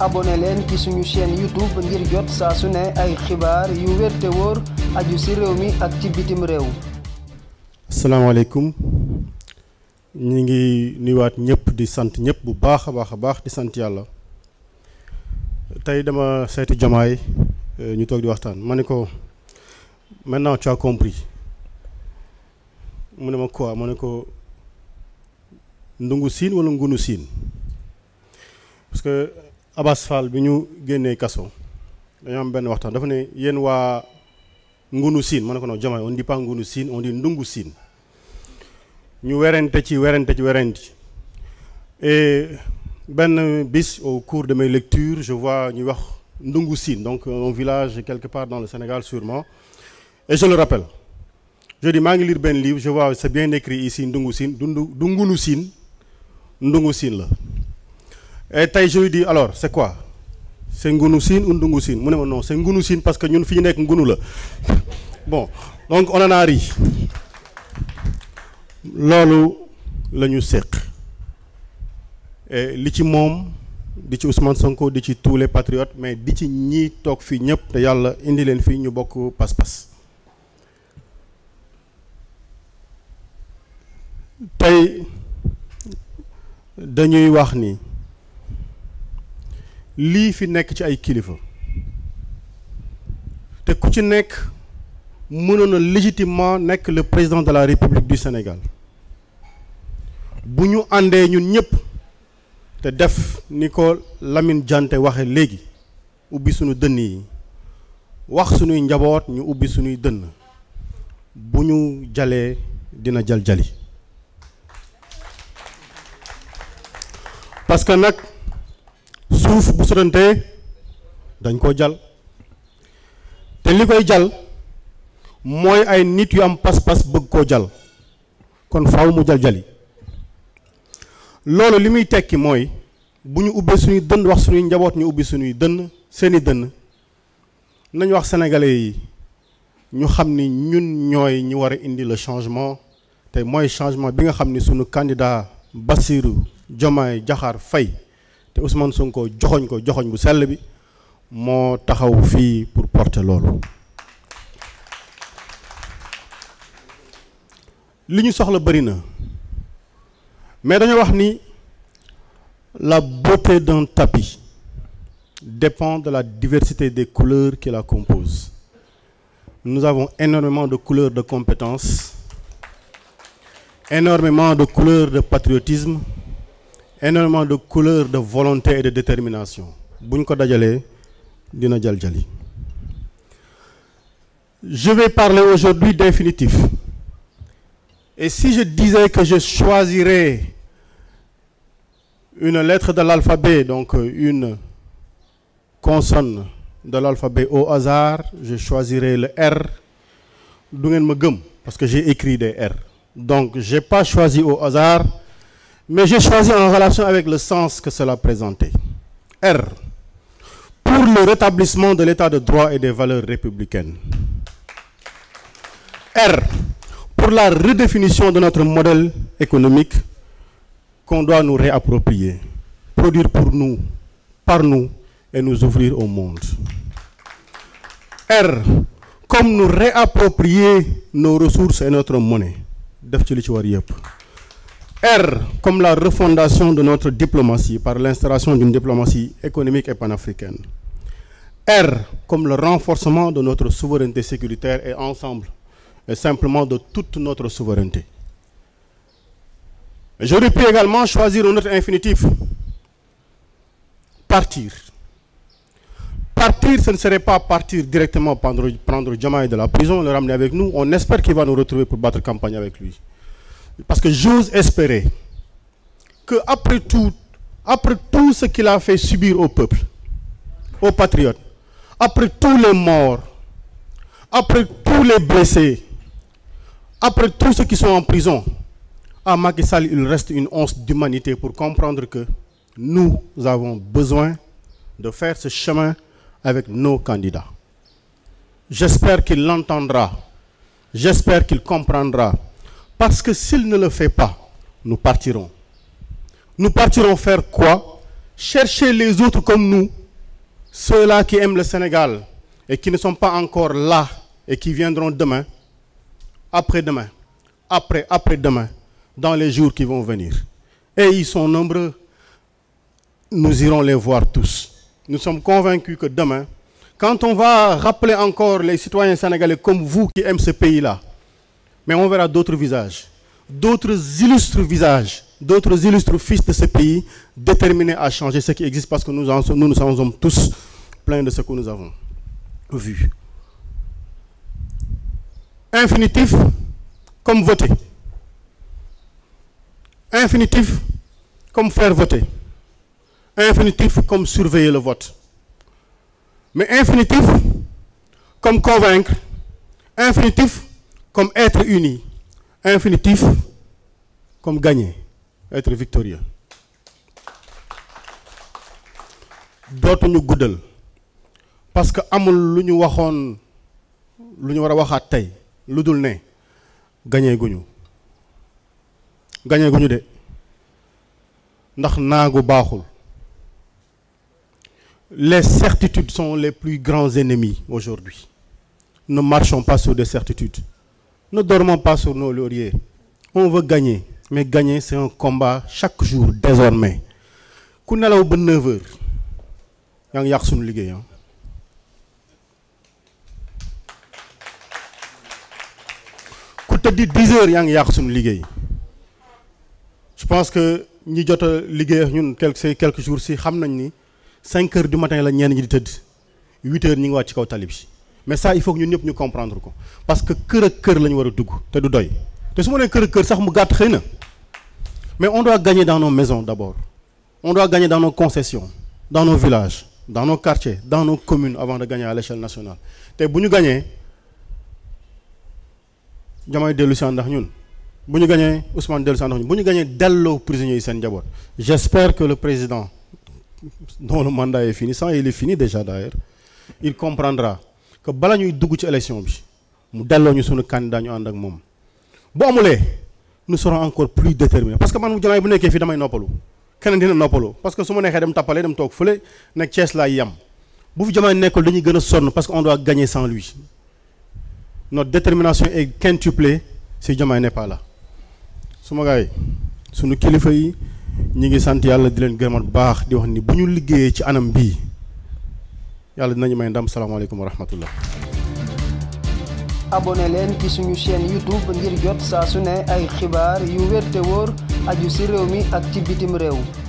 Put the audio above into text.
abonné leen ci suñu chaîne YouTube ngir jot saa su ne ay xibaar yu wér wóor aju ci réew mi ak ci bitim réew. asalaamaaleykum ñu ngi nuyuwaat ñëpp di sant ñëpp bu baax a baax a baax di sant yàlla tey dama seeti jomaay euh, ñu toog di waxtaan ma ne ko maintenant tu as compris mu ne ma quoi ma ne ko ndungu siin wala ngunu siin parce Abass bi ñu génnee kaso dañoo am benn waxtaan dafa ne yéen waa ngunu siin ma ne ko non Diomaye on dit pas ngunu siin on dit ndungu siin ñu werante ci werante ci werante benn bis au cours de mes lectures je vois ñuy wax ndungu siin donc un village quelque part dans le Sénégal sûrement et je le rappelle je dis maa ngi lire benn livre je vois c'est bien écrit ici ndungu siin du du ngunu siin ndungu siin la et tey je lui alors c'est quoi c'est ngunu siin ou ndungu siin mu ne ma non c'est ngunu siin parce que ñun fi ñu nekk ngunu la bon donc on loolu lañu ñu séq li ci moom di ci Ousmane Sonko di ci tous les mais di ci ñi toog fii ñëpp te yàlla indi leen fii ñu bokk pas-pas tey dañuy wax ni lii fi nekk ci ay kilifa te ku ci nekk mënoon na légitimement nekk le président de la république du Sénégal bu ñu àndee ñun ñëpp te def ni ko Lamine Diante waxe léegi ubbi sunu dënn yi wax sunuy njaboot ñu ubbi suñuy dënn bu ñu jalee dina jal jali parce nag suuf bu sotantee dañ koo jal te li koy jal mooy ay nit yu am pas-pas bëgg koo jal kon faaw mu jal jali loolu li muy tekki mooy bu ñu ubbee suñuy dënn wax suñuy njaboot ñu ubbi suñuy dënn seeni dënn nañ wax sénégalais yi ñu xam ni ñun ñooy ñu wara indi la changement te mooy changement bi nga xam ni suñu candidat Bassirou Diomaye Diakhar Faye te Ousmane Sonko joxoñ ko joxoñ bu sell bi moo taxaw fii pour porter loolu li ñu soxla bëri na mais dañoo wax ni la beauté d'un tapis dépend de la diversité des couleurs qui la composent nous avons énormément de couleur de compétences énormément de couleurs de patriotisme énormément de couleur de volonté et de détermination bu ñu ko dajalee dina jaljali je vais parler aujourd'hui d'infinitif et si je disais que je choisirais une lettre de l'alphabet donc une consonne de l'alphabet au hasard je choisirais le R du ngeen ma gëm parce que j'ai écrit des R donc j'ai pas choisi au hasard mais j'ai choisi en relation avec le sens que cela présentait. R, pour le rétablissement de l'état de droit et des valeurs républicaines. R, pour la redéfinition de notre modèle économique qu'on doit nous réapproprier, produire pour nous, par nous et nous ouvrir au monde. R, comme nous réapproprier nos ressources et notre monnaie. def ci li ci war yëpp R comme la refondation de notre diplomatie par l'instauration d'une diplomatie économique et panafricaine. R comme le renforcement de notre souveraineté sécuritaire et ensemble, et simplement de toute notre souveraineté. J'aurais pu également choisir un autre infinitif. Partir. Partir, ce ne serait pas partir directement prendre, prendre de la prison, le ramener avec nous. On espère qu'il va nous retrouver pour battre campagne avec lui. parce que j'ose espérer que après tout après tout ce qu'il a fait subir au peuple au patriotes après tous les morts après tous les blessés après tous ceux qui sont en prison à Macky Sall il reste une once d'humanité pour comprendre que nous avons besoin de faire ce chemin avec nos candidats j'espère qu'il l'entendra j'espère qu'il comprendra Parce que s'il ne le fait pas, nous partirons. Nous partirons faire quoi? Chercher les autres comme nous, ceux-là qui aiment le Sénégal et qui ne sont pas encore là et qui viendront demain, après-demain, après après-demain, dans les jours qui vont venir. Et ils sont nombreux. Nous irons les voir tous. Nous sommes convaincus que demain, quand on va rappeler encore les citoyens sénégalais comme vous qui aiment ce pays-là, Mais on verra d'autres visages, d'autres illustres visages, d'autres illustres fils de ce pays déterminés à changer ce qui existe parce que nous en sommes, tous pleins de ce que nous avons vu. Infinitif comme voter. Infinitif comme faire voter. Infinitif comme surveiller le vote. Mais infinitif comme convaincre. Infinitif comme être uni infinitif comme gagner être victorieux dootuñu guddal parce que amul lu ñu waxoon lu ñu war a waxaat tey lu dul ne gagné guñu gagné guñu de ndax naagu baaxul les certitudes sont les plus grands ennemis aujourd'hui ne marchons pas sur des certitudes ne dormons pas sur no lauriers. On veut gagner, mais gagner, c'est combat chaque jour, désormais. ku nelaw ba 9 heures yaa ngi yàq suñu liggéey ah ku tëddi 10 heures yaa ngi yàq suñu liggéey je pense que ñi jot a liggéey ak ñun quelques ces quelques jours si xam nañ ni 5 heures du matin la ñeen ñi di tëdd 8 heures ñi ngi wàcc ci kaw talib si mais ça il faut ñun ñëpp ñu comprendre ko parce que kër ak kër la ñu war a dugg te du doy te su ma nee kër ak kër sax mu gàtt xëy na mais on doit gagner dans nos maisons d'abord on doit gagner dans nos concessions dans nos villages dans nos quartiers dans nos commune avant de gagner à l'échelle nationale te bu ñu gañee Diomaye dellu si ndax ñun bu ñu gañee Ousmane dellu si ndax ñun bu ñu gañee delloo prisonniers yi seen njaboot j'espère que le président dont le mandat est fini ça il est fini déjà d'ailleurs il comprendra que bala ñuy dugg ci élection bi mu delloo ñu suñu candidat ñu ànd ak moom bu amulee nous serons encore plus déterminés parce que man mu Diomaye bu nekkee fii damay noppalu keneen dina noppalu parce que su ma neexee dem tappalee dem toog fële nekk Thiès laay yem bu fi Diomaye nekkul dañuy gën a sonn parce que on doit gagner sans lui notre détermination est quintuplée si Diomaye n'est pas là su ma gars kilifa yi ñu ngi sant yàlla di leen gërëmat bu baax di wax ni bu ñu liggéeyee ci anam bii yàlla dinañu may ndam salaamaaleykum wa rahmatullah abonné leen ki suñu chaîne youtube ngir jot saa su ne ay xibaar yu wér te wóor aju ci réew mi ak ci bitim réew